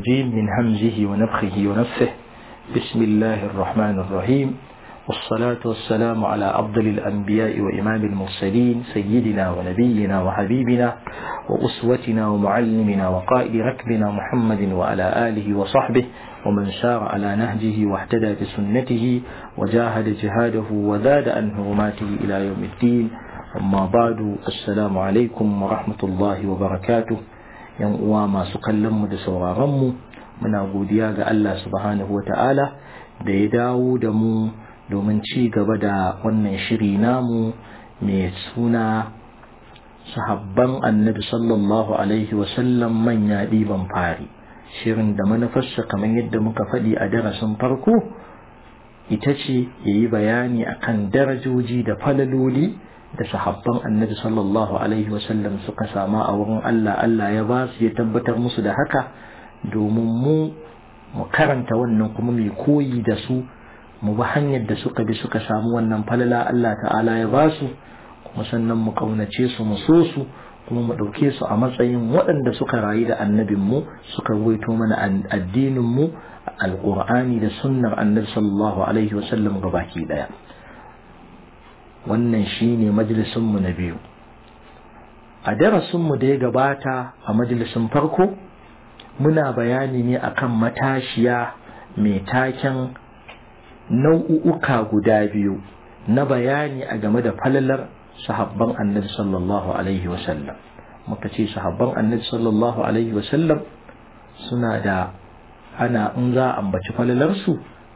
الرجيم من همزه ونفخه ونفه بسم الله الرحمن الرحيم والصلاة والسلام على أفضل الأنبياء وإمام المرسلين سيدنا ونبينا وحبيبنا وأسوتنا ومعلمنا وقائد ركبنا محمد وعلى آله وصحبه ومن سار على نهجه واحتدى بسنته وجاهد جهاده وزاد عن هرماته إلى يوم الدين أما بعد السلام عليكم ورحمة الله وبركاته yan uwa masu kallon mu da sauraron mu muna godiya ga Allah subhanahu wata'ala da ya dawo da mu domin ci gaba da wannan shiri namu mai suna sahabban annabi sallallahu alaihi wasallam manya ɗiban fari shirin da manufarsa kamar yadda muka faɗi a darasin farko ita ce ya yi bayani akan darajoji da falaloli da sahabban annabi sallallahu alaihi wasallam suka sama a wurin Allah Allah ya ba su ya tabbatar musu da haka domin mu mu karanta wannan kuma mai koyi da su mu bi hanyar da suka bi suka samu wannan falala Allah ta'ala ya ba su kuma sannan mu kaunace su mu so su kuma mu ɗauke su a matsayin waɗanda suka rayu da annabinmu suka ruwaito mana addininmu alƙur'ani da sunnar annabi sallallahu alaihi wasallam gabaki ɗaya wannan shine majalisunmu na biyu a darasinmu da ya gabata a majalisun farko muna bayani ne akan matashiya mai taken nau'uka guda biyu na bayani a game da falalar sahabban annabi sallallahu alaihi wasallam muka ce sahabban annabi sallallahu alaihi wasallam suna da ana in za a ambaci falalarsu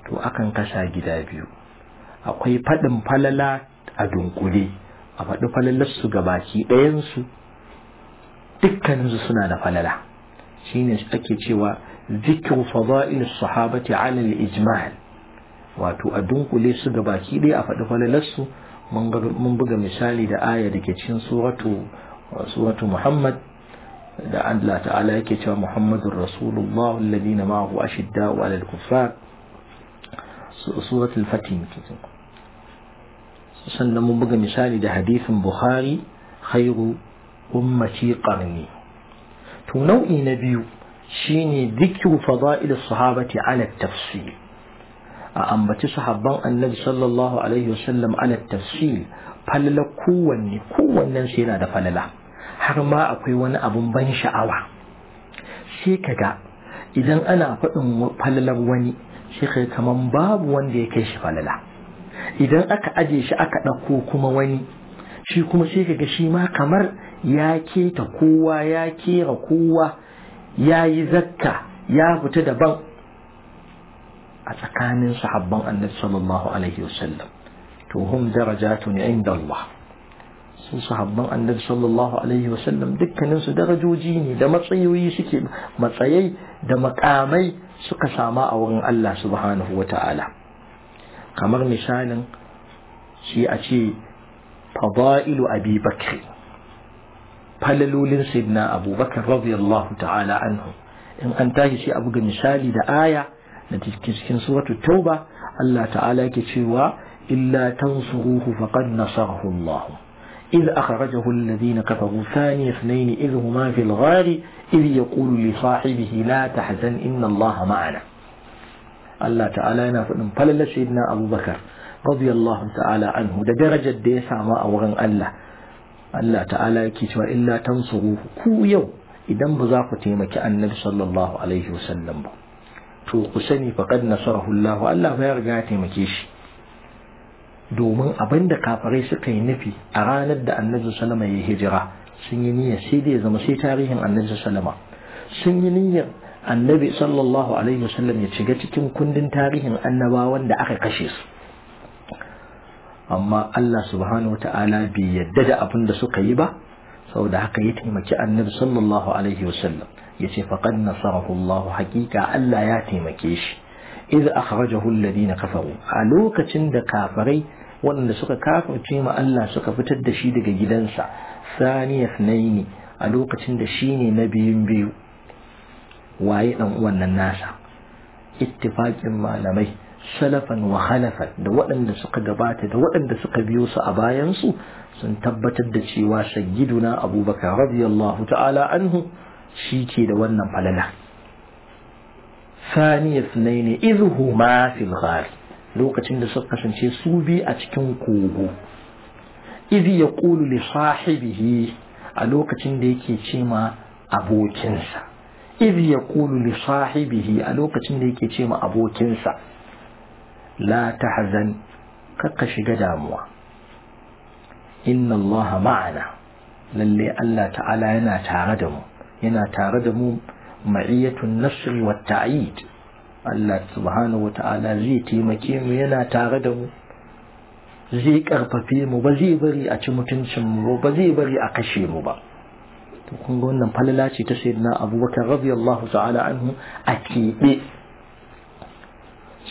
to akan kasa gida biyu akwai faɗin falala a dunkule a faɗi falalarsu ga baki ɗayansu dukkaninsu suna da falala shine ake cewa zikru fada'il sahabati alal al-ijmal wato a dunkule su ga baki ɗaya a faɗi falalarsu mun buga misali da aya da ke cikin suratu muhammad da Allah ta'ala yake cewa Muhammadur Rasulullah alladhina ma'ahu ashidda'u 'alal kuffar suratul fatih sannan mun buga misali da hadisin bukhari khairu ummati qarni to nau'i na biyu shine dhikru fada'il sahabati ala tafsil a ambaci sahabban annabi sallallahu alaihi wasallam ala tafsil falala kowanne kowannen shi yana da falala har ma akwai wani abun ban sha'awa sai kaga idan ana faɗin falalar wani sai kai kaman babu wanda ya kai shi falala idan aka aje shi aka ɗauko kuma wani shi kuma sai ga shi ma kamar ya keta kowa ya kera kowa ya yi zakka ya fita daban a tsakanin sahabban annabi sallallahu alaihi wasallam to hum darajatun inda Allah su sahabban annabi sallallahu alaihi wasallam dukkanin su darajoji ne da matsayoyi suke matsayai da makamai suka sama a wurin Allah subhanahu wataala kamar misalin shi a ce fada'ilu abi bakri falalolin sidna abubakar radiyallahu ta'ala anhu in an tashi sai abu ga misali da aya da cikin suratu tauba Allah ta'ala yake cewa illa tansuruhu faqad nasarahu Allah إذ أخرجه الذين كفروا ثاني اثنين إذ هما في الغار إذ يقول لصاحبه لا تحزن إن الله معنا Allah ta'ala yana faɗin falalla sayyidina abubakar radiyallahu ta'ala anhu da darajar da ya samu a wurin Allah Allah ta'ala yake cewa illa tansuru ku yau idan ba za ku taimaki annabi sallallahu alaihi wasallam ba to ku sani faqad nasarahu Allah Allah ya riga ya taimake shi domin abinda kafarai kafirai suka yi nufi a ranar da annabi wasallam ya hijira sun yi niyyar sai da ya zama sai tarihin annabi wasallam sun yi niyyar annabi sallallahu alaihi wasallam ya shiga cikin kundin tarihin annabawan da aka kashe su amma Allah subhanahu wata'ala bai yadda da abin da suka yi ba saboda haka ya taimaki annabi sallallahu alaihi wasallam ya ce faqad nasarahu Allah haqiqa Allah ya taimake shi iz akhrajahu alladhina kafaru a lokacin da kafirai waɗanda suka kafirce ma Allah suka fitar da shi daga gidansa saniya naini a lokacin da shine na biyun biyu waye dan uwan nan nasa ittifaqin malamai salafan wa khalafan da waɗanda suka gabata da waɗanda suka biyo su a bayan su sun tabbatar da cewa sayyiduna abubakar radiyallahu ta'ala anhu shi ke da wannan falala ثاني اثنين إذ هما في الغار lokacin da suka kasance su bi a cikin kogo izi ya ƙulu li sahibihi a lokacin da yake ce ma abokinsa إذ يقول لصاحبه ألوك ليكي تيما أبو تنسى لا تحزن كقش قداموا إن الله معنا للي ألا تعالى ينا تاردم ينا تاردم معية النصر والتعيد ألا سبحانه وتعالى زي تيمكيم ينا تاردم zai karfafe mu ba zai bari a ci mutuncin to kun ga wannan falala ce ta sayyidina abubakar radiyallahu ta'ala anhu a keɓe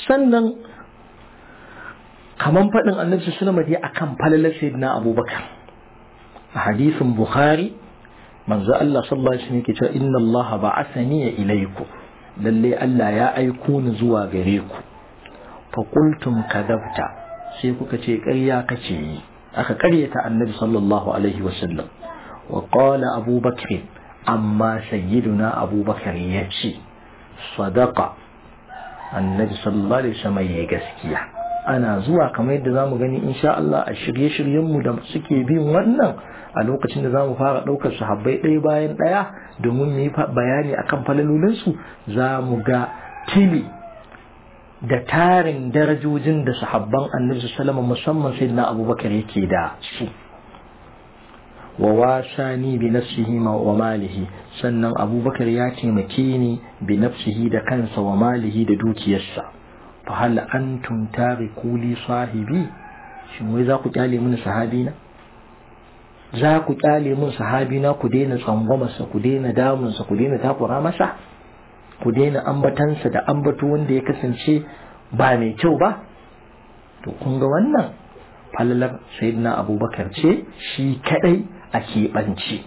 sannan kaman faɗin annabi sallama dai akan falalar sayyidina abubakar a hadisin bukhari manzo Allah sallallahu alaihi wasallam yake cewa inna Allah ba'athani ilayku lalle Allah ya aiko ni zuwa gare ku fa qultum kadabta sai kuka ce ƙarya kace yi aka ƙaryata annabi sallallahu alaihi wasallam وقال أبو بكر أما سيدنا أبو بكر يأتي صدق النبي صلى الله عليه وسلم يجسكيه ana zuwa kamar yadda zamu gani insha Allah a shirye-shiryenmu da suke bin wannan a lokacin da za mu fara ɗaukar sahabbai ɗaya bayan ɗaya domin mu yi bayani akan falalolinsu za mu ga tili da tarin darajojin da sahabban annabi salama musamman na abubakar yake da su wa wasani bi nafsihi wa malihi sannan abubakar ya taimake ni bi nafsihi da kansa wa malihi da dukiyarsa fa hal antum tariku li sahibi shin wai za ku kyale mini sahabina za ku kyale min sahabina ku daina tsangwamarsa ku daina damunsa ku daina takura masa ku daina ambatansa da ambato wanda ya kasance ba mai kyau ba to kun ga wannan falalar sayyidina abubakar ce shi kadai a keɓance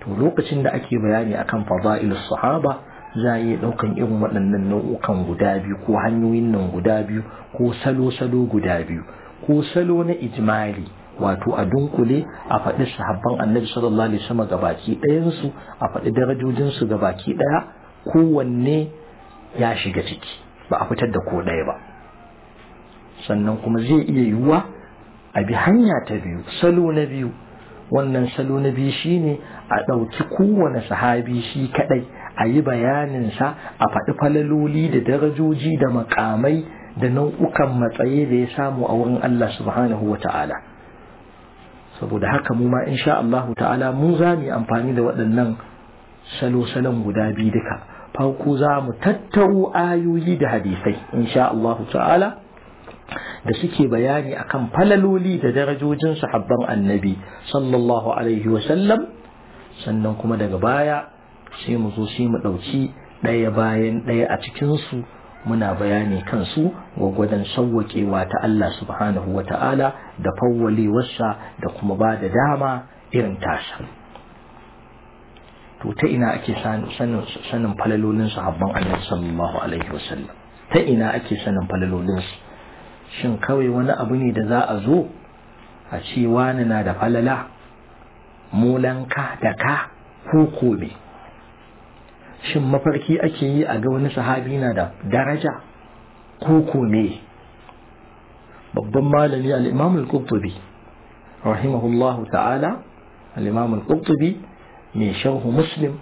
to lokacin da ake bayani akan fada'ilus sahaba za a iya ɗaukan irin waɗannan nau'ukan guda biyu ko hanyoyin nan guda biyu ko salo-salo guda biyu ko salo na ijmali wato a dunkule a faɗi sahabban annabi sallallahu alaihi wasallam gabaki ɗayansu a faɗi darajojin su gabaki ɗaya kowanne ya shiga ciki ba a fitar da ko ɗaya ba sannan kuma zai iya yiwuwa a bi hanya ta biyu salo na biyu wannan salo na biyu shine a ɗauki kowane sahabi shi kaɗai a yi bayaninsa a faɗi falaloli da darajoji da makamai da nau'ukan matsayi da ya samu a wurin Allah subhanahu wa ta'ala saboda haka mu ma insha Allahu ta'ala mu za mu amfani da waɗannan salo-salon guda biyu duka farko za mu tattaro ayoyi da hadisai insha Allahu ta'ala da suke bayani akan falaloli da darajojin sahabban annabi sallallahu alaihi wasallam sannan kuma daga baya sai mu zo sai mu ɗauki ɗaya bayan ɗaya a cikinsu muna bayani kansu gwagwadon sauwaƙewa ta Allah subhanahu wa ta'ala da fawwalewarsa da kuma ba da dama irin tasha to ta ina ake sanin falalolinsu habban annabi sallallahu alaihi wasallam ta ina ake sanin falalolin shin kawai wani abu ne da za a zo a ce wani na da falala mulanka da ka ko kobe shin mafarki ake yi a ga wani sahabi na da daraja ko kome babban malami al-imam al-qurtubi rahimahullahu ta'ala al-imam al-qurtubi ne sharhu muslim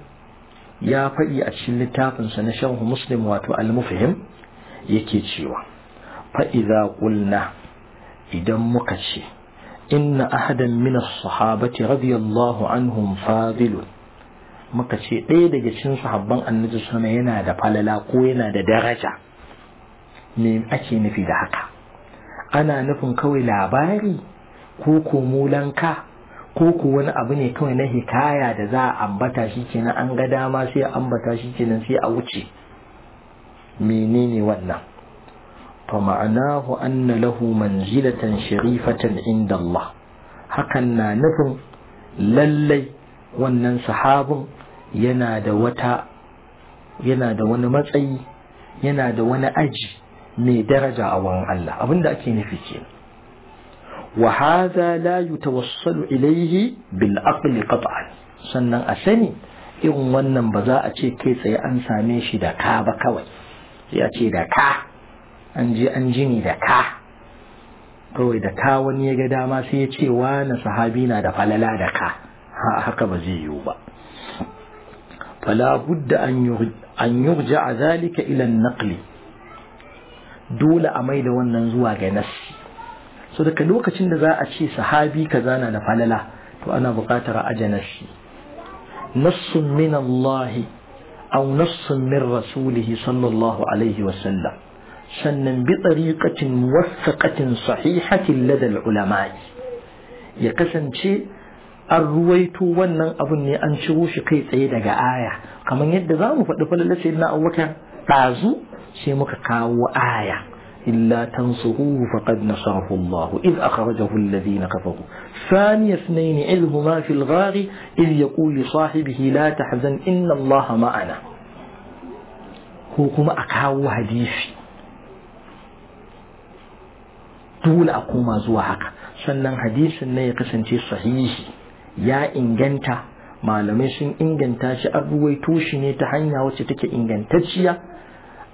ya faɗi a cikin littafinsa na sharhu muslim wato al-mufhim yake cewa fa'iza ƙulna idan muka ce inna ahadan min sahabati radiyallahu anhum fadilun muka ce ɗaya daga cikin sahabban annabi suna yana da falala ko yana da daraja me ake nufi da haka ana nufin kawai labari ko ko mulanka ko ko wani abu ne kawai na hikaya da za a ambata shi kenan an ga dama sai a ambata shi kenan sai a wuce menene wannan فمعناه أن له منزلة شريفة عند الله na nufin للي wannan sahabin yana da wata yana da wani matsayi yana da wani aji mai daraja a wurin Allah abinda ake nufi ke wa hadha la yutawassalu ilayhi bil aqli qat'an sannan a sani irin wannan ba za a ce kai tsaye an same shi da ka ba kawai sai a ce da ka an je an jini da ka kawai da ka wani ya ga dama sai ya ce na sahabi na da falala da ka haka ba zai yiwu ba fala budda an yurja a zalika ilan naqli dole a maida wannan zuwa ga nassi so daga lokacin da za a ce sahabi kaza na da falala to ana buƙatar aje nassi nassun min Allah aw nassun min rasulihi sallallahu alaihi wasallam sannan bi tsariƙacin muwassaƙatin sahihatin ladal ulama ya kasance an ruwaito wannan abun ne an ciro shi kai tsaye daga aya kamar yadda za mu faɗi falala sai na abubakar ɗazu sai muka kawo aya illa tansuhu faqad nasarahu Allah id akhrajahu alladhina kafaru ثاني اثنين إذ هما في الغار إذ sahibihi la tahzan inna إن ma'ana ko kuma a kawo hadisi dole a koma zuwa haka sannan hadisin ne ya kasance sahihi ya inganta malamai sun inganta shi an ruwaito shi ne ta hanya wacce take ingantacciya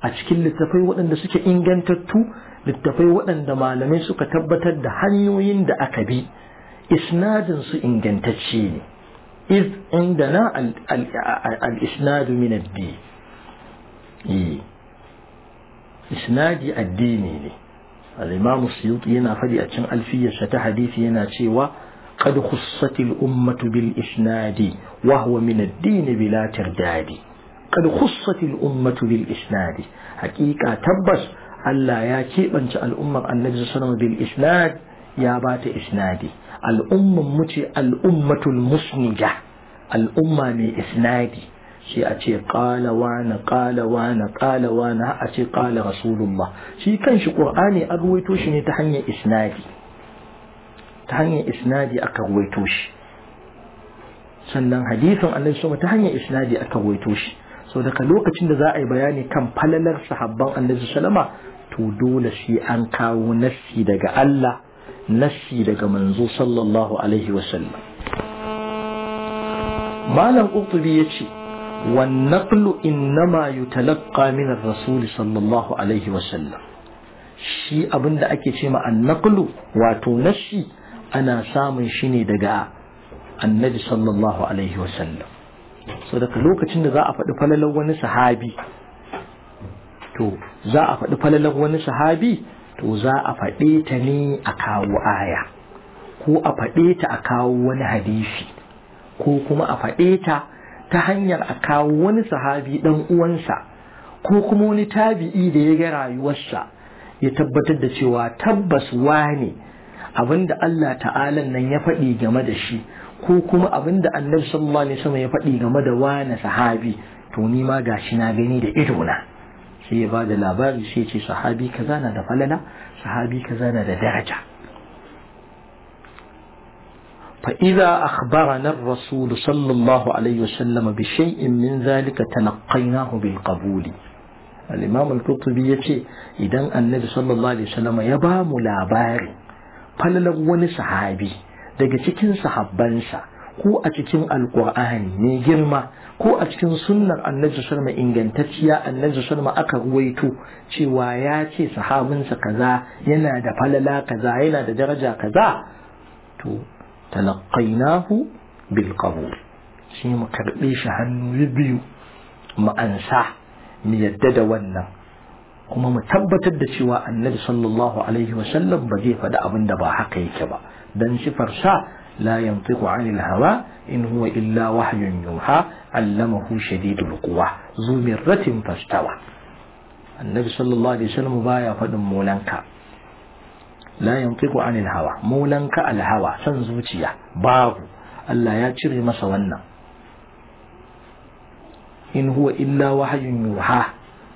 a cikin littafai waɗanda suke ingantattu littafai waɗanda malamai suka tabbatar da hanyoyin da aka bi isnadin su ingantacce ne iz indana al-isnadu min ad eh. isnadi addini ne الإمام السيوطي هنا فدي أتشن ألفية شتى حديث هنا شيوا قد خصت الأمة بالإسناد وهو من الدين بلا ترداد قد خصت الأمة بالإسناد حقيقة تبس ألا يا كيبنش الأمة النبي صلى الله عليه وسلم بالإسناد يا بات إسنادي الأمة متي الأمة المسنجة الأمة من إسنادي shi a ce ƙala na ƙala na ƙala na a ce ƙala rasulullah shi kanshi ƙur'ani a ruwaito shi ne ta hanyar isnadi ta hanyar isnadi aka ruwaito shi sannan hadisin annabi sama ta hanyar isnadi aka ruwaito shi sau daga lokacin da za a yi bayani kan falalar sahabban annabi salama to dole sai an kawo nassi daga Allah nassi daga manzo sallallahu alaihi wasallam malam qurtubi yace والنقل إنما يتلقى من الرسول صلى الله عليه وسلم shi abinda ake ce ma annaqlu wato nashi ana samun shi ne daga annabi sallallahu alaihi wasallam so daga lokacin da za a faɗi falalar wani sahabi to za a faɗi falalar wani sahabi to za a faɗe ta ne a kawo aya ko a faɗe ta a kawo wani hadisi ko kuma a faɗe ta ta hanyar a kawo wani sahabi dan uwansa ko kuma wani tabi'i da ya ga rayuwarsa ya tabbatar da cewa tabbas wane abinda Allah ta'ala nan ya faɗi game da shi ko kuma abinda annabi sallallahu alaihi wasallam ya faɗi game da wane sahabi to ni ma gashi na gani da ido na sai ya bada labari sai ya ce sahabi kaza na da falala sahabi kaza na da daraja فإذا أخبرنا الرسول صلى الله عليه وسلم بشيء من ذلك تلقيناه بالقبول الإمام القرطبي يقول إذا النبي صلى الله عليه وسلم يبام لابار فللغون صحابي daga cikin sahabbansa ko a cikin alkur'ani mai girma ko a cikin sunnar annabi sallama ingantacciya annabi sallama aka ruwaito cewa ya ce sahabinsa kaza yana da falala kaza yana da daraja kaza to تلقيناه بالقبول شيء ما كربيش هنو يبيو ما أنسى ميدد ونا وما متبت الدشوا النبي صلى الله عليه وسلم بدي فدا أبن دبا حقيقة دن شفر سا لا ينطق عن الهوى إن هو إلا وحي يوحى علمه شديد القوة ذو مرة فاستوى النبي صلى الله عليه وسلم بايا فدم مولانكا la yantiqu anil hawa maulanka al hawa san zuciya babu Allah ya cire masa wannan in huwa illa wahayun yuha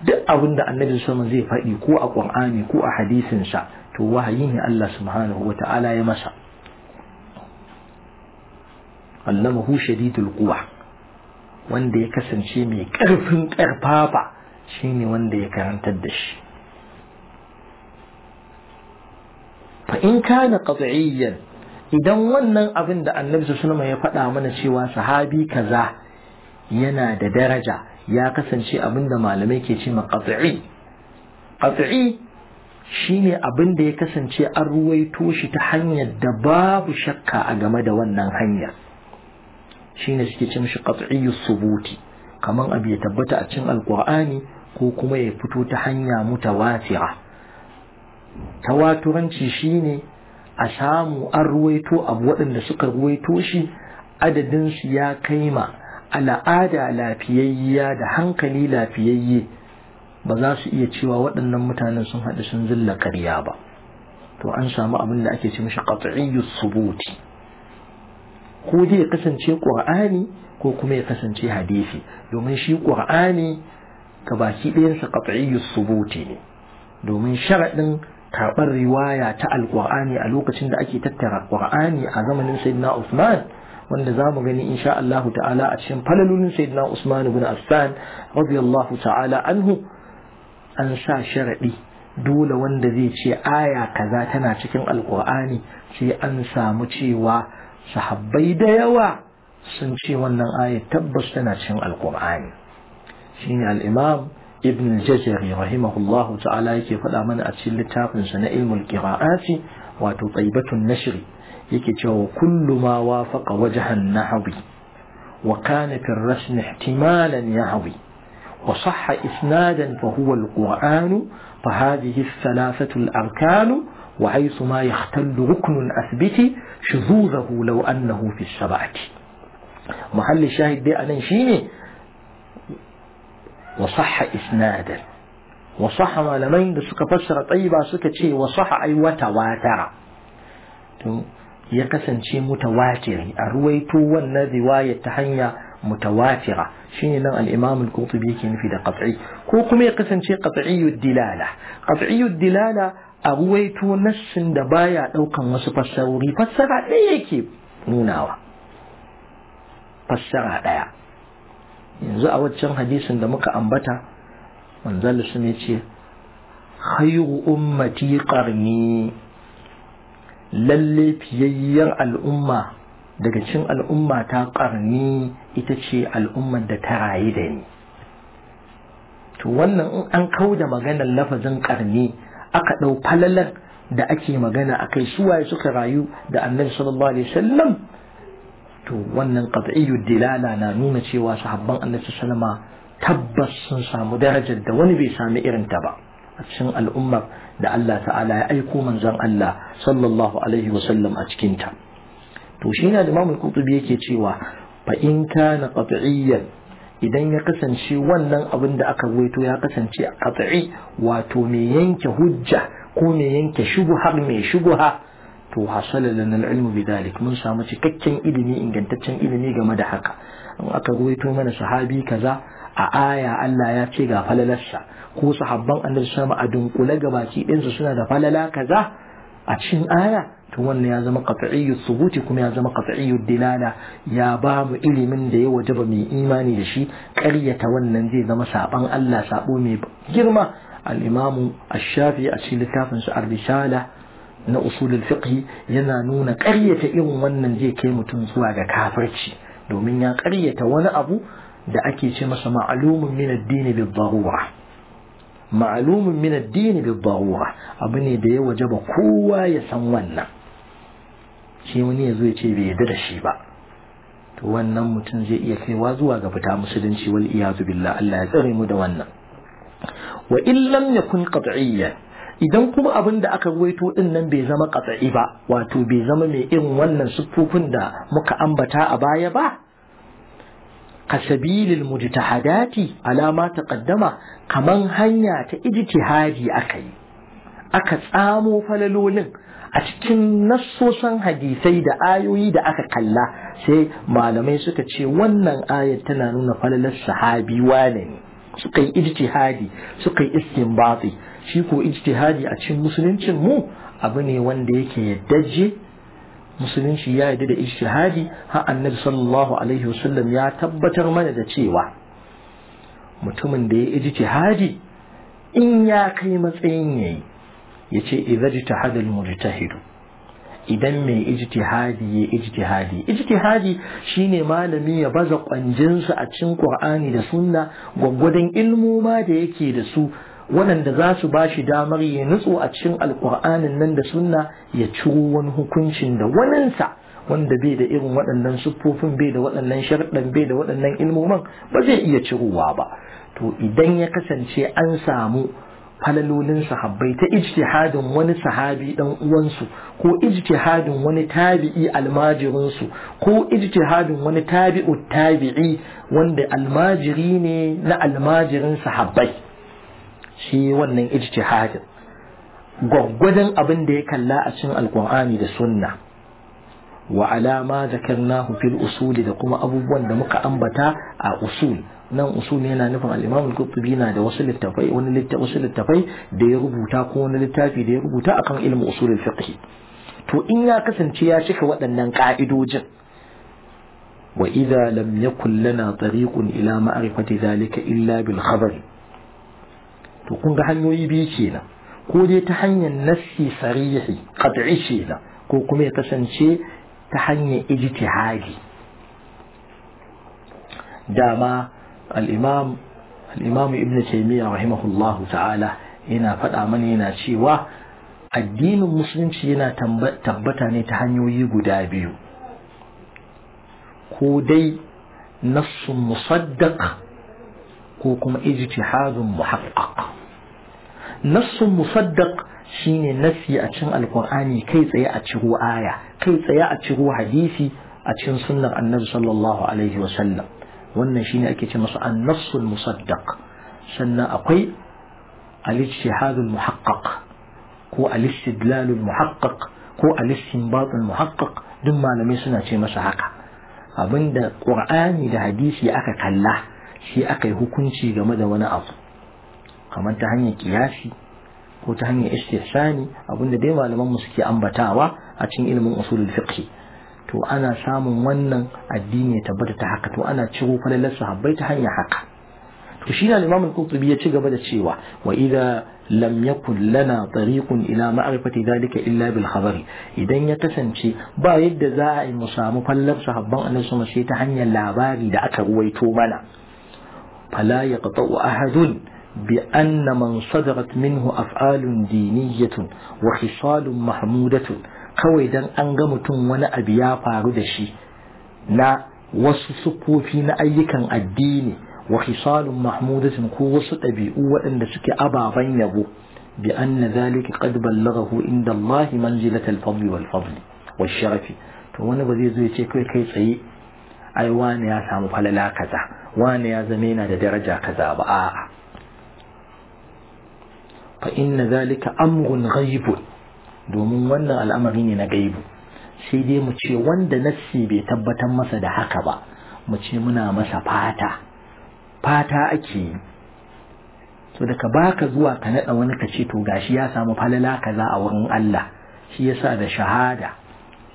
duk abin da annabi sama zai faɗi ko a ƙur'ani ko a hadisin sa to wahayi ne Allah subhanahu wa ta'ala ya masa allamahu shadidul quwa wanda ya kasance mai ƙarfin ƙarfafa shine wanda ya karantar da shi fa in kana qat'iyyan idan wannan abin da annabi sallallahu alaihi ya faɗa mana cewa sahabi kaza yana da daraja ya kasance abin da malamai ke ce qat'i qat'i shine abin da ya kasance an ruwaito shi ta hanyar da babu shakka a game da wannan hanya shine suke ce mishi qat'iyyu subuti kaman abu ya tabbata a cikin alqur'ani ko kuma ya fito ta hanya mutawatira tawaturanci shine a samu an ruwaito abu waɗanda suka ruwaito shi adadinsu ya kai ma al'ada lafiyayya da hankali lafiyayye ba za su iya cewa waɗannan mutanen sun haɗu sun zilla karya ba to an samu abin da ake ce mashi qat'iyyus subuti ko dai ya kasance qur'ani ko kuma ya kasance hadisi domin shi qur'ani ga baki ɗayansa qat'iyyus subuti ne domin sharaɗin karɓar riwaya ta alƙur'ani a lokacin da ake tattara ƙur'ani a zamanin sayyidina Usman wanda za mu gani insha Allah ta'ala a cikin falalolin sayyidina Usman ibn Affan radiyallahu ta'ala anhu an sa sharadi dole wanda zai ce aya kaza tana cikin alkur'ani sai an samu cewa sahabbai da yawa sun ce wannan aya tabbas tana cikin alkur'ani shine al-imam ابن الجزري رحمه الله تعالى يكي قد أمن أتسل سنة علم القراءات وتطيبة النشر يكي جو كل ما وافق وجه النحوي وكان في الرسم احتمالا يعوي وصح إسنادا فهو القرآن فهذه الثلاثة الأركان وحيث ما يختل ركن أثبت شذوذه لو أنه في السبعة محل الشاهد بأن شيني وصح إسنادا وصح ما علمين سك فسر طيبة سك شيء وصح أي وتواتر يكسن شيء متواتر أرويتو تو النذي واي التحية متواترة شين نعم الإمام القطبي كان في ذا قطعي كوكم يكسن شيء قطعي الدلالة قطعي الدلالة أرويتو تو نس دبايا أو كم وصف السوري فسر عليك نوناوا فسر عليك yanzu a waccan hadisin da muka ambata manzali su ne ce hayu ummati karni, lalle fiyayyen al'umma daga cin al'umma ta karni, ita ce al'ummar da ta rayu da ni to wannan in an da maganar lafazin karni aka ɗau falalar da ake magana a kai suwaye suka rayu da annabi sallallahu alaihi wasallam to wannan qat'iyyu dilala na nuna cewa sahabban annabi sallama tabbas sun samu darajar da wani bai sami irin ta ba a cikin al'ummar da Allah ta'ala ya aiko manzon Allah sallallahu alaihi wa sallam a cikin ta to shi ne da Imam Qurtubi yake cewa fa in kana qat'iyyan idan ya kasance wannan abin da aka waito ya kasance qat'i wato mai yanke hujja ko mai yanke shuguhar mai shubuha to hasala lan al-ilmu bidalik mun samu cikakken ilimi ingantaccen ilimi game da haka in aka ruwaito mana sahabi kaza a aya Allah ya ce ga falalarsa ko sahabban annabi sama a dunkule baki su suna da falala kaza a cikin aya to wannan ya zama qat'iyyu thubuti kuma ya zama qat'iyyu dilala ya ba mu ilimin da ya wajaba mai imani da shi ƙaryata wannan zai zama saban Allah sabo mai girma al-imamu ash-shafi a cikin littafin su ar-risala na usulul fiqh yana nuna ƙaryata irin wannan zai kai mutum zuwa ga kafirci domin ya ƙaryata wani abu da ake ce masa ma'alumun min addini bil darura ma'alumun min addini bil darura abu ne da ya wajaba kowa ya san wannan shi wani ya zo ya ce bai yarda da shi ba to wannan mutum zai iya kaiwa zuwa ga fita musulunci wal iyazu billah Allah ya tsare mu da wannan wa in yakun qat'iyyan idan kuma abin da aka ruwaito din nan bai zama katsa'i ba wato bai zama mai irin wannan siffofin da muka ambata a baya ba kasabilil mujtahadati alama ta kaddama kaman hanya ta ijtihadi aka aka tsamo falalolin a cikin nassosan hadisai da ayoyi da aka kalla sai malamai suka ce wannan ayar tana nuna falalar sahabi wane ne suka yi ijtihadi suka yi istinbati shi ko ijtihadi a cikin musuluncin mu abu ne wanda yake yaddaje musulunci ya yadda da ijtihadi har annabi sallallahu alaihi wasallam ya tabbatar mana da cewa mutumin da ya ijtihadi in ya kai matsayin yayi yace idza ijtihada al-mujtahid idan mai ijtihadi ya ijtihadi ijtihadi shine malami ya baza kwanjinsa a cikin Qur'ani da Sunna gwaggwadon ilmu ma da yake da su waɗanda za su ba shi damar ya nutsu a cikin alƙur'anin nan da sunna ya ciro wani hukuncin da waninsa wanda bai da irin waɗannan siffofin bai da waɗannan sharɗan bai da waɗannan ilmomin ba zai iya cirowa ba to idan ya kasance an samu falalolin sahabbai ta ijtihadin wani sahabi dan uwansu ko ijtihadin wani tabi'i almajirinsu ko ijtihadin wani tabi'u tabi'i wanda almajiri ne na almajirin sahabbai shi wannan ijtihadin gwaggwadon abin da ya kalla a cikin alkur'ani da sunna wa alama zakarnahu fil usuli da kuma abubuwan da muka ambata a usul nan usul yana nufin al-Imam al-Qurtubi na da wasu littafai wani littafi wasu littafai da ya rubuta ko wani littafi da ya rubuta akan ilmu usul al-fiqh to in ya kasance ya cika waɗannan ka'idojin wa idza lam yakul lana tariqun ila ma'rifati zalika illa bil khabari to kun ga hanyoyi biyu kenan ko dai ta hanyar nassi sarihi qat'i kenan ko kuma ya kasance ta hanyar ijtihadi dama al-imam al-imam ibn taymiyyah rahimahullahu ta'ala yana faɗa mana yana cewa addinin musulunci yana tabbata ne ta hanyoyi guda biyu ko dai nassun musaddaq كوكم اجتهاد محقق نص مصدق shine nasi a cikin alkur'ani kai tsaye a ciro aya kai tsaye a ciro hadisi a cikin sunnar annabi sallallahu alaihi wa sallam wannan shine ake ce masa an-nassul musaddaq sannan akwai al-ijtihad al-muhaqqaq ko al-istidlal al-muhaqqaq ko al-istinbat al-muhaqqaq duk malamai suna ce masa haka abinda qur'ani da hadisi aka kalla shi aka yi hukunci game da wani abu kamar ta hanyar kiyasi ko ta hanyar istihsani abinda dai malaman mu suke ambatawa a cikin ilimin usulul fiqh to ana samun wannan addini ya tabbata ta haka to ana ciro falalar sahabbai ta hanyar haka to shi na Imam Al-Qurtubi ya ci gaba da cewa wa idza lam yakun lana tariqun ila ma'rifati dhalika illa bil khabari idan ya kasance ba yadda za a yi mu samu fallar sahabban Annabi sai ta hanyar labari da aka ruwaito mana فلا يقطو أحد بأن من صدرت منه أفعال دينية وخصال محمودة كويدا أنغمت ون أبيا فاردشي نا وصفوا في نأيكا الديني وخصال محمودة كو أبي أوة إن سكي أبا غينه بأن ذلك قد بلغه عند الله منزلة الفضل والفضل والشرف تو وانا بذيزو يتكوي كي سي أيوان يا سامو فلا لا كذا wane ya zama yana da daraja kaza ba a'a fa inna zalika amrun ghaib domin wannan al'amari ne na gaibu sai dai mu ce wanda nassi bai tabbatar masa da haka ba mu ce muna masa fata fata ake yi so daga baka zuwa ka naɗa wani ka ce to gashi ya samu falala kaza a wurin Allah shi yasa da shahada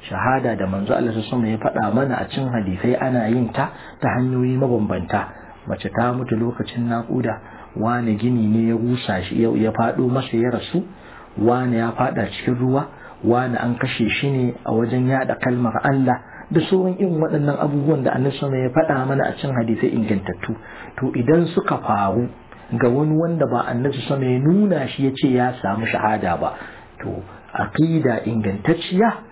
shahada da manzo Allah sallallahu ya faɗa mana a cin hadisai ana yin ta ta hanyoyi mabambanta mace ta mutu lokacin naƙuda wani gini ne ya rusa shi ya faɗo masa ya rasu wani ya faɗa cikin ruwa wani an kashe shi ne a wajen yaɗa kalmar Allah da sauran irin waɗannan abubuwan da annabi ya faɗa mana a cin hadisai ingantattu to idan suka faru ga wani wanda ba annabi sama ya nuna shi ya ce ya samu shahada ba to aqida ingantacciya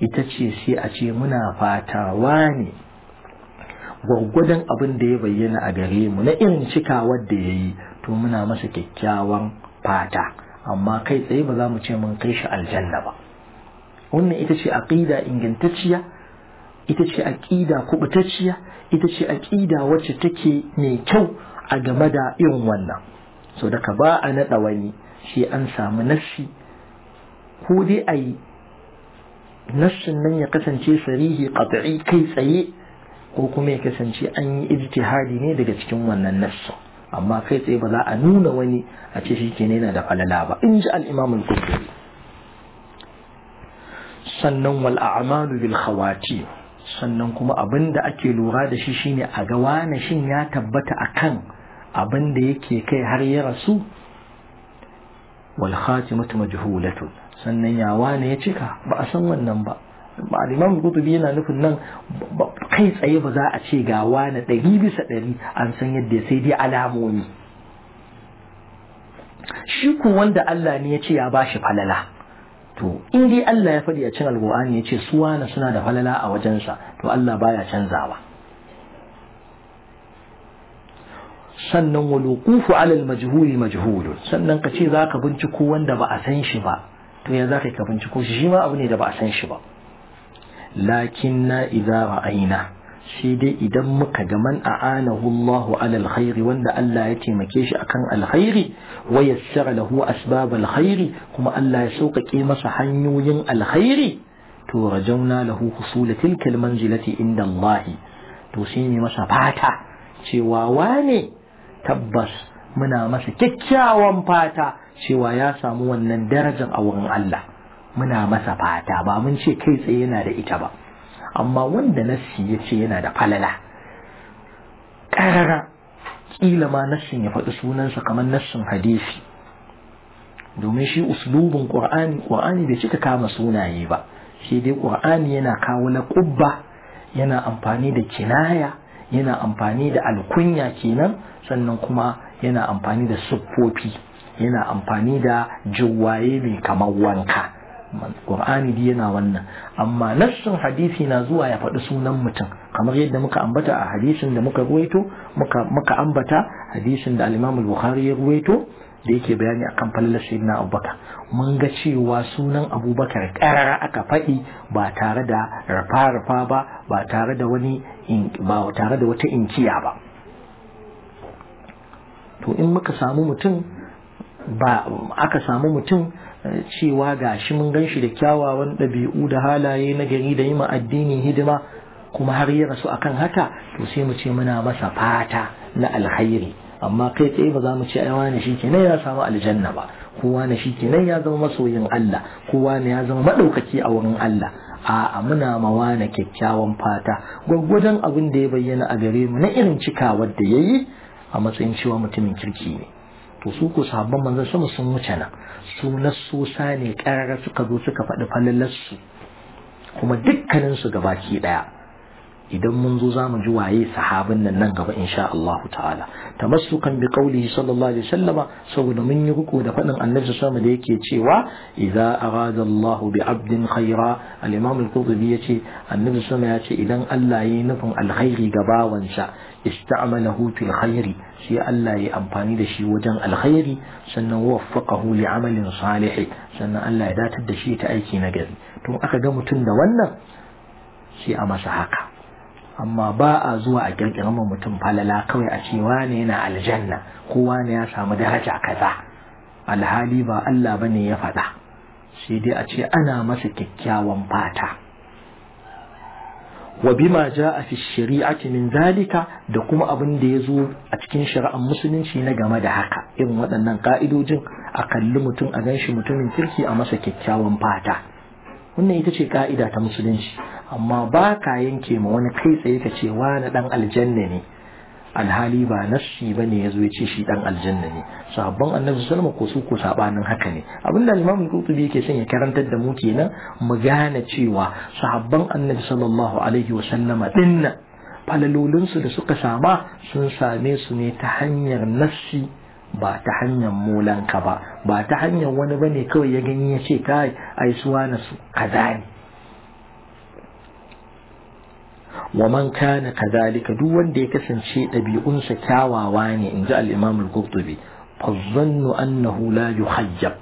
ita ce sai a ce muna fatawa ne gwaggwadon abin da ya bayyana a gare mu na irin cikawar da ya yi to muna masa kyakkyawan fata amma kai tsaye ba za mu ce mun kai shi aljanna ba wannan ita ce aqida ingantacciya ita ce aqida kubutacciya ita ce aqida wacce take mai kyau a game da irin wannan so daga ba a naɗa wani shi an samu nassi ko dai a yi nassin nan ya kasance sarihi qat'i kai tsaye ko kuma ya kasance an yi ijtihadi ne daga cikin wannan nassin amma kai tsaye ba za a nuna wani a ce shi kenan yana da falala ba in ji al-imam al-qurtubi sannan wal a'malu bil khawati sannan kuma abin da ake lura da shi shine a ga wane shin ya tabbata akan abin da yake kai har ya rasu wal khatimatu majhulatun sannan yawa ne ya cika ba a san wannan ba gudu gudubi yana nufin nan kai tsaye ba za a ce ga wane ɗari bisa ɗari an san yadda sai dai alamomi shi ku wanda Allah ne ya ce ya bashi falala to in dai Allah ya faɗi a cin alƙur'ani ya ce su wane suna da falala a wajensa to Allah baya canzawa sannan waluqufu alal majhuli majhulun sannan ka ce zaka binciko wanda ba a san shi ba to ya za ka ka binciko shi shi ma abu ne da ba a san shi ba lakin na idza ra'ayna shi dai idan muka ga man a'anahu Allahu ala alkhairi wanda Allah ya taimake shi akan alkhairi wa yassara lahu asbab alkhairi kuma Allah ya sauƙaƙe masa hanyoyin alkhairi to rajauna lahu husula tilka almanzilati inda Allah to shi ne masa fata cewa wane tabbas muna masa kyakkyawan fata cewa ya samu wannan darajar a wurin Allah muna masa fata ba mun ce kai tsaye yana da ita ba amma wanda nassi ya ce yana da falala ƙarara ƙila ma nassin ya faɗi sunansa kamar nassin hadisi domin shi uslubin ƙur'ani ƙur'ani bai cika kama sunaye ba shi dai ƙur'ani yana kawo na ƙubba yana amfani da kinaya yana amfani da alkunya kenan sannan kuma yana amfani da siffofi yana amfani da jawaye mai kamar wanka Qur'ani dai yana wannan amma nassin hadisi na zuwa ya faɗi sunan mutum kamar yadda muka ambata a hadisin da muka ruwaito muka ambata hadisin da al-Imam al-Bukhari ya ruwaito da yake bayani akan falalar sayyidina Abubakar mun ga cewa sunan Abubakar karara aka faɗi ba tare da rafa-rafa ba ba tare da wani ba tare da wata inkiya ba to in muka samu mutum ba aka samu mutum eh, cewa gashi mun gan shi da kyawawan ɗabi'u da halaye na gari da yi ma addini hidima kuma har ya rasu akan haka to sai mu ce muna masa fata na alhairi amma kai tsaye ba za mu ce ai wani shi kenan ya samu aljanna ba kowa na shi kenan ya zama masoyin Allah kowa ne ya zama madaukaki a wurin Allah a muna mawa na kyakkyawan fata gwaggwadon abin da ya bayyana a gare mu na irin cikawar da yayi a matsayin cewa mutumin kirki ne to su ko sahabban manzon sama sun wuce nan su sosa ne karara suka zo suka faɗi falalarsu kuma dukkanin su gabaki daya idan mun zo za mu ji waye sahabin nan nan gaba insha Allah ta'ala tamassukan bi qawlihi sallallahu alaihi wasallama saboda mun yi ruku da faɗin annabi sama da yake cewa idza arada Allah bi abdin khaira al-imam al-qurtubi yace annabi ya ce idan Allah yayi nufin alkhairi ga bawansa ista'malahu fil khairi sai Allah ya amfani da shi wajen alkhairi sannan waffaqahu li amalin salih sannan Allah ya datar da shi ta aiki na gari to aka ga mutum da wannan sai a masa haka amma ba a zuwa a kirkirar mutum falala kawai a ce wane yana aljanna ko wane ya samu daraja kaza alhali ba Allah bane ya faɗa sai dai a ce ana masa kyakkyawan fata wa bima jaa fi shari'ati min zalika da kuma abin da ya zo a cikin shari'ar musulunci na game da haka irin waɗannan ka'idojin a kalli mutum a ganshi mutumin kirki a masa kyakkyawan fata wannan ita ce ƙa'ida ta musulunci amma ba ka yanke ma wani kai tsaye ka ce na ɗan aljanna ne alhali ba nassi bane yazo yace shi dan aljanna ne sahabban annabi sallallahu ko su ko sabanin haka ne abinda al kutubi yake son ya karantar da mu kenan mu gane cewa sahabban annabi sallallahu alaihi wa sallama dinna falalolinsu da suka sama sun same su ne ta hanyar nassi ba ta hanyar molanka ba ba ta hanyar wani bane kawai ya gani ya ce kai ai suwa na su kaza ne ومن كان كذلك دون ديك سنشي أبي أنسى كاوا واني إن جاء الإمام القرطبي فالظن أنه لا يخيب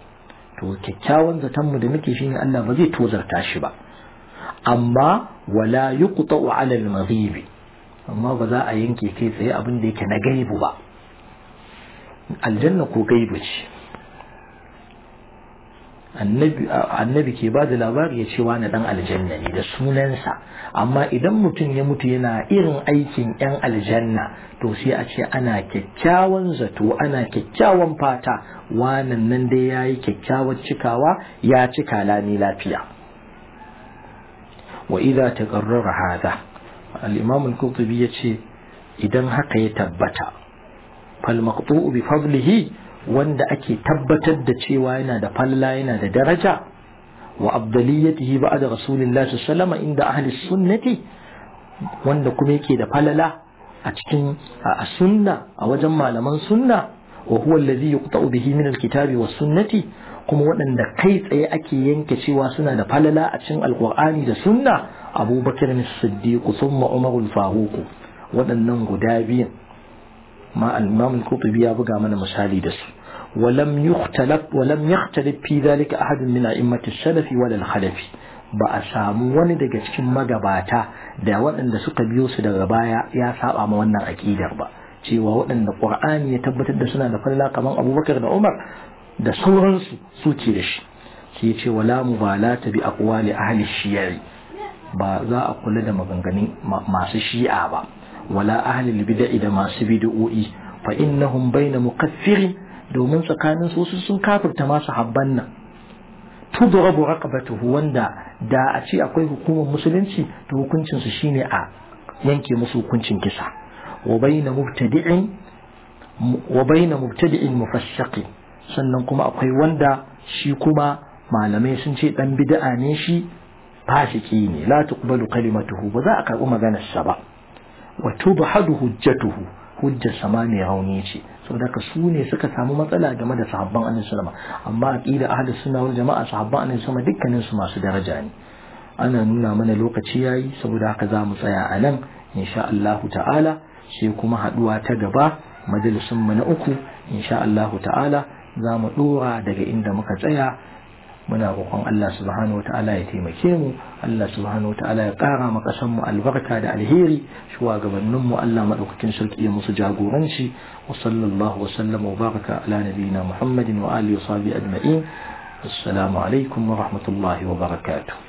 تو كاوا تم دمكي شيني ألا مضي توزر تاشبا أما ولا يقطع على المغيب أما بدا ينكي كيف هي أبن ديك نغيب با الجنة كو غيبش annabi ke ba da labari ya ce wani dan aljanna ne da sunansa amma idan mutum ya mutu yana irin aikin yan aljanna to sai a ce ana kyakkyawan zato ana kyakkyawan fata wannan nan dai ya yi kyakkyawan cikawa ya cika lami lafiya wa idza taqarrara hadha al-imam al ya ce idan haka ya tabbata fal maqtu'u bi fadlihi wanda ake tabbatar da cewa yana da falla yana da daraja wa afdaliyatihi ba'da rasulillahi sallama inda ahli sunnati wanda kuma yake da falala a cikin a sunna a wajen malaman sunna wa huwa alladhi yuqta'u bihi min alkitabi was sunnati kuma wadanda kai tsaye ake yanke cewa suna da falala a cikin alqur'ani da sunna abubakar as-siddiq thumma umar al-faruq wadannan guda biyan ma al-imam al-qutubi ya buga mana misali da su ولم يختلف ولم يختلف في ذلك أحد من أئمة السلف ولا الخلف ba a samu wani daga cikin magabata da waɗanda suka biyo su daga baya ya saba ma wannan aƙidar ba cewa waɗanda ƙur'ani ya tabbatar da suna da falla kamar abubakar da umar da sauransu su ke da shi sai ce wala mubalata bi aqwali ahli shiyari ba za a kula da maganganun masu shi'a ba wala ahli bid'a da masu bid'o'i fa innahum bayna mukaffirin domin tsakanin su sun kafirta masu habban nan rabu raqabatuhu wanda da a ce akwai hukumar musulunci to hukuncin su shine a yanke musu hukuncin kisa wa bayna mubtadi'in wa bayna mubtadi'in sannan kuma akwai wanda shi kuma malamai sun ce dan bid'a ne shi fasiki ne la tuqbalu kalimatuhu ba za a karbi maganar sa ba wa tubahadu hujjatuhu hujjar sama mai rauni ce saboda ka su ne suka samu matsala game da sahabban annabi sallama amma aqida ahli sunna wal jama'a sahabban annabi sallama dukkanin su masu daraja ne ana nuna mana lokaci yayi saboda haka za mu tsaya a nan insha Allah ta'ala sai kuma haduwa ta gaba majalisin mu na uku insha Allah ta'ala za mu dora daga inda muka tsaya muna roƙon Allah subhanahu ta'ala ya taimake mu Allah subhanahu ta'ala ya ƙara ma ƙasar mu albarka da alheri shugabannin mu Allah madaukakin sarki ya musu jagoranci wa sallallahu wa wa baraka ala nabiyina Muhammadin wa alihi wa sahbihi ajma'in assalamu alaikum wa rahmatullahi wa barakatuh